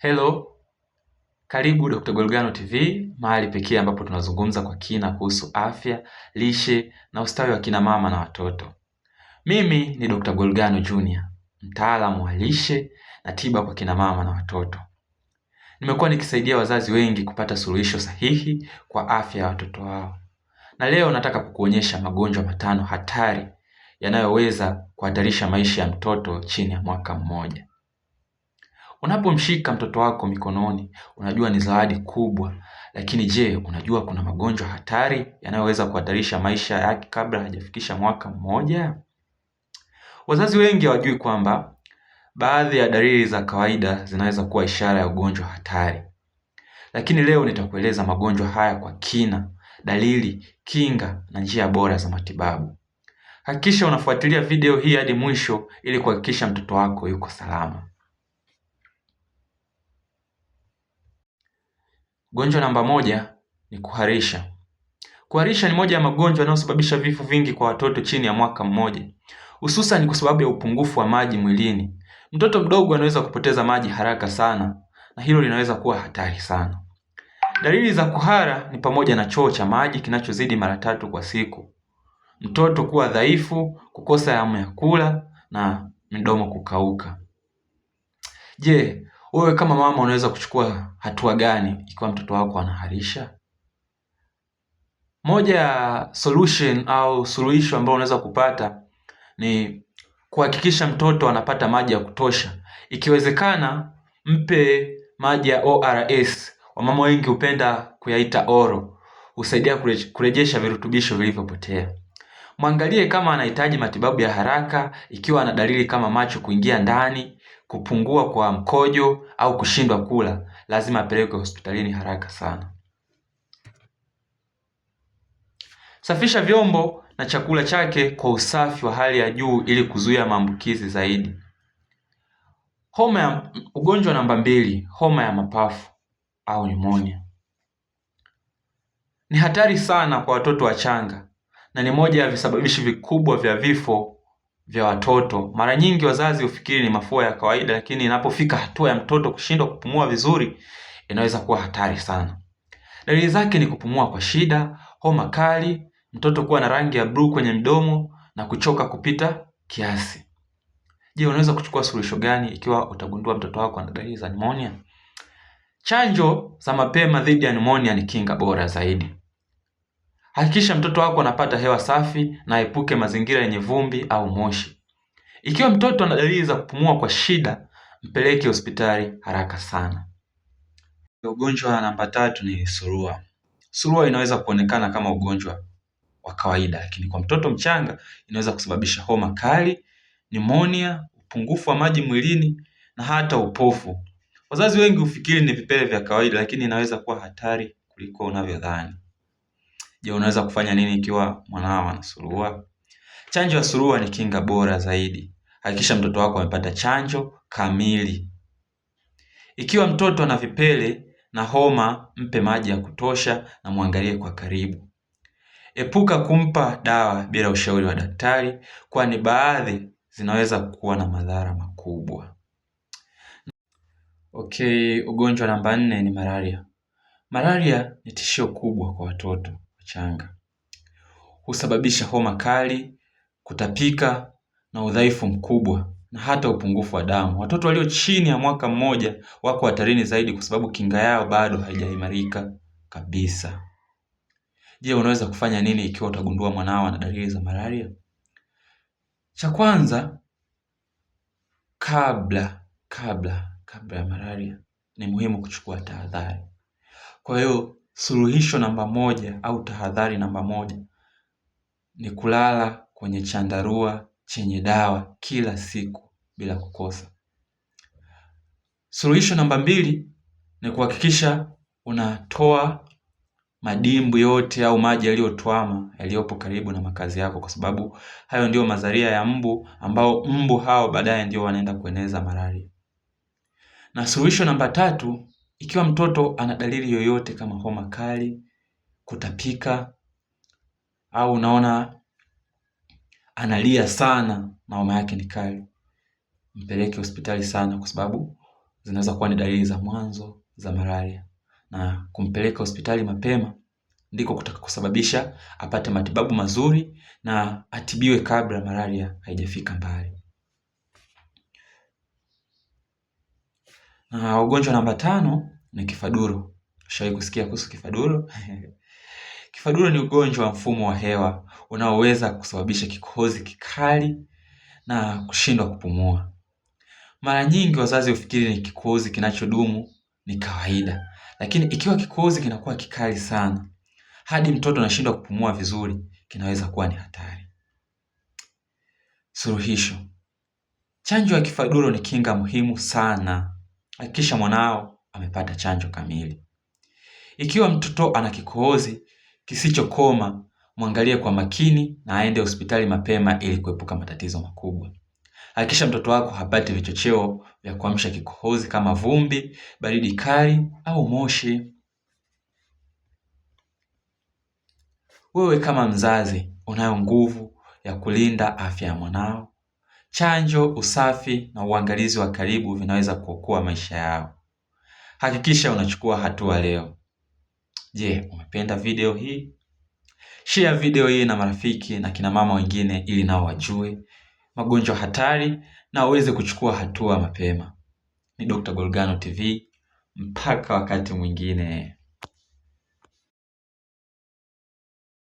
Hello, karibu Dr. Golgano TV, mahali pekee ambapo tunazungumza kwa kina kuhusu afya, lishe na ustawi wa kina mama na watoto. Mimi ni Dr. Golgano Junior, mtaalamu wa lishe na tiba kwa kina mama na watoto. Nimekuwa nikisaidia wazazi wengi kupata suluhisho sahihi kwa afya ya watoto wao, na leo nataka kukuonyesha magonjwa matano hatari yanayoweza kuhatarisha maisha ya mtoto chini ya mwaka mmoja. Unapomshika mtoto wako mikononi, unajua ni zawadi kubwa, lakini je, unajua kuna magonjwa hatari yanayoweza kuhatarisha maisha yake kabla hajafikisha mwaka mmoja? Wazazi wengi hawajui kwamba baadhi ya dalili za kawaida zinaweza kuwa ishara ya ugonjwa hatari. Lakini leo nitakueleza magonjwa haya kwa kina, dalili, kinga na njia bora za matibabu. Hakikisha unafuatilia video hii hadi mwisho ili kuhakikisha mtoto wako yuko salama. Gonjwa namba moja ni kuharisha. Kuharisha ni moja ya magonjwa yanayosababisha vifo vingi kwa watoto chini ya mwaka mmoja, hususani kwa sababu ya upungufu wa maji mwilini. Mtoto mdogo anaweza kupoteza maji haraka sana na hilo linaweza kuwa hatari sana. Dalili za kuhara ni pamoja na choo cha maji kinachozidi mara tatu kwa siku, mtoto kuwa dhaifu, kukosa hamu ya kula na mdomo kukauka. Je, wewe kama mama unaweza kuchukua hatua gani ikiwa mtoto wako anaharisha? Moja ya solution au suluhisho ambayo unaweza kupata ni kuhakikisha mtoto anapata maji ya kutosha. Ikiwezekana mpe maji ya ORS, wamama wengi hupenda kuyaita Oro, husaidia kurejesha virutubisho vilivyopotea. Mwangalie kama anahitaji matibabu ya haraka, ikiwa ana dalili kama macho kuingia ndani kupungua kwa mkojo au kushindwa kula, lazima apelekwe hospitalini haraka sana. Safisha vyombo na chakula chake kwa usafi wa hali ya juu ili kuzuia maambukizi zaidi. Homa ya ugonjwa namba mbili, homa ya mapafu au nimonia, ni hatari sana kwa watoto wachanga na ni moja ya visababishi vikubwa vya vifo vya watoto. Mara nyingi wazazi hufikiri ni mafua ya kawaida, lakini inapofika hatua ya mtoto kushindwa kupumua vizuri, inaweza kuwa hatari sana. Dalili zake ni kupumua kwa shida, homa kali, mtoto kuwa na rangi ya bluu kwenye mdomo na kuchoka kupita kiasi. Je, unaweza kuchukua suluhisho gani ikiwa utagundua mtoto wako ana dalili za nimonia? Chanjo za mapema dhidi ya nimonia ni kinga bora zaidi. Hakikisha mtoto wako anapata hewa safi na aepuke mazingira yenye vumbi au moshi. Ikiwa mtoto ana dalili za kupumua kwa shida, mpeleke hospitali haraka sana. Ugonjwa namba tatu ni surua. Surua inaweza kuonekana kama ugonjwa wa kawaida, lakini kwa mtoto mchanga inaweza kusababisha homa kali, nimonia, upungufu wa maji mwilini na hata upofu. Wazazi wengi hufikiri ni vipele vya kawaida, lakini inaweza kuwa hatari kuliko unavyodhani. Je, unaweza kufanya nini ikiwa mwanao ana surua? Chanjo ya surua ni kinga bora zaidi. Hakikisha mtoto wako amepata chanjo kamili. Ikiwa mtoto ana vipele na homa, mpe maji ya kutosha na mwangalie kwa karibu. Epuka kumpa dawa bila ushauri wa daktari, kwani baadhi zinaweza kuwa na madhara makubwa. Okay, ugonjwa namba nne ni malaria. Malaria ni tishio kubwa kwa watoto changa. Husababisha homa kali, kutapika na udhaifu mkubwa na hata upungufu wa damu. Watoto walio chini ya mwaka mmoja wako hatarini zaidi kwa sababu kinga yao bado haijaimarika kabisa. Je, unaweza kufanya nini ikiwa utagundua mwanao ana dalili za malaria? Cha kwanza, kabla kabla kabla ya malaria ni muhimu kuchukua tahadhari. Kwa hiyo Suluhisho namba moja au tahadhari namba moja ni kulala kwenye chandarua chenye dawa kila siku bila kukosa. Suluhisho namba mbili ni kuhakikisha unatoa madimbu yote au maji yaliyotwama yaliyopo karibu na makazi yako, kwa sababu hayo ndiyo mazalia ya mbu, ambao mbu hao baadaye ndio wanaenda kueneza malaria. Na suluhisho namba tatu ikiwa mtoto ana dalili yoyote kama homa kali, kutapika, au unaona analia sana na homa yake ni kali, mpeleke hospitali sana, kwa sababu zinaweza kuwa ni dalili za mwanzo za malaria, na kumpeleka hospitali mapema ndiko kusababisha apate matibabu mazuri na atibiwe kabla malaria haijafika mbali. Na ugonjwa namba tano ni kifaduro. Ushawahi kusikia kuhusu kifaduro? Kifaduro ni ugonjwa wa mfumo wa hewa unaoweza kusababisha kikohozi kikali na kushindwa kupumua. Mara nyingi wazazi hufikiri ni kikohozi kinachodumu ni kawaida, lakini ikiwa kikohozi kinakuwa kikali sana hadi mtoto anashindwa kupumua vizuri, kinaweza kuwa ni hatari. Suluhisho: chanjo ya kifaduro ni kinga muhimu sana hakikisha mwanao amepata chanjo kamili. Ikiwa mtoto ana kikohozi kisichokoma, mwangalie kwa makini na aende hospitali mapema ili kuepuka matatizo makubwa. Hakikisha mtoto wako hapati vichocheo vya kuamsha kikohozi kama vumbi, baridi kali au moshi. Wewe kama mzazi unayo nguvu ya kulinda afya ya mwanao Chanjo, usafi na uangalizi wa karibu vinaweza kuokoa maisha yao. Hakikisha unachukua hatua leo. Je, umependa video hii? Share video hii na marafiki na kinamama wengine ili nao wajue magonjwa hatari na waweze kuchukua hatua mapema. Ni Dr. Golgano TV, mpaka wakati mwingine.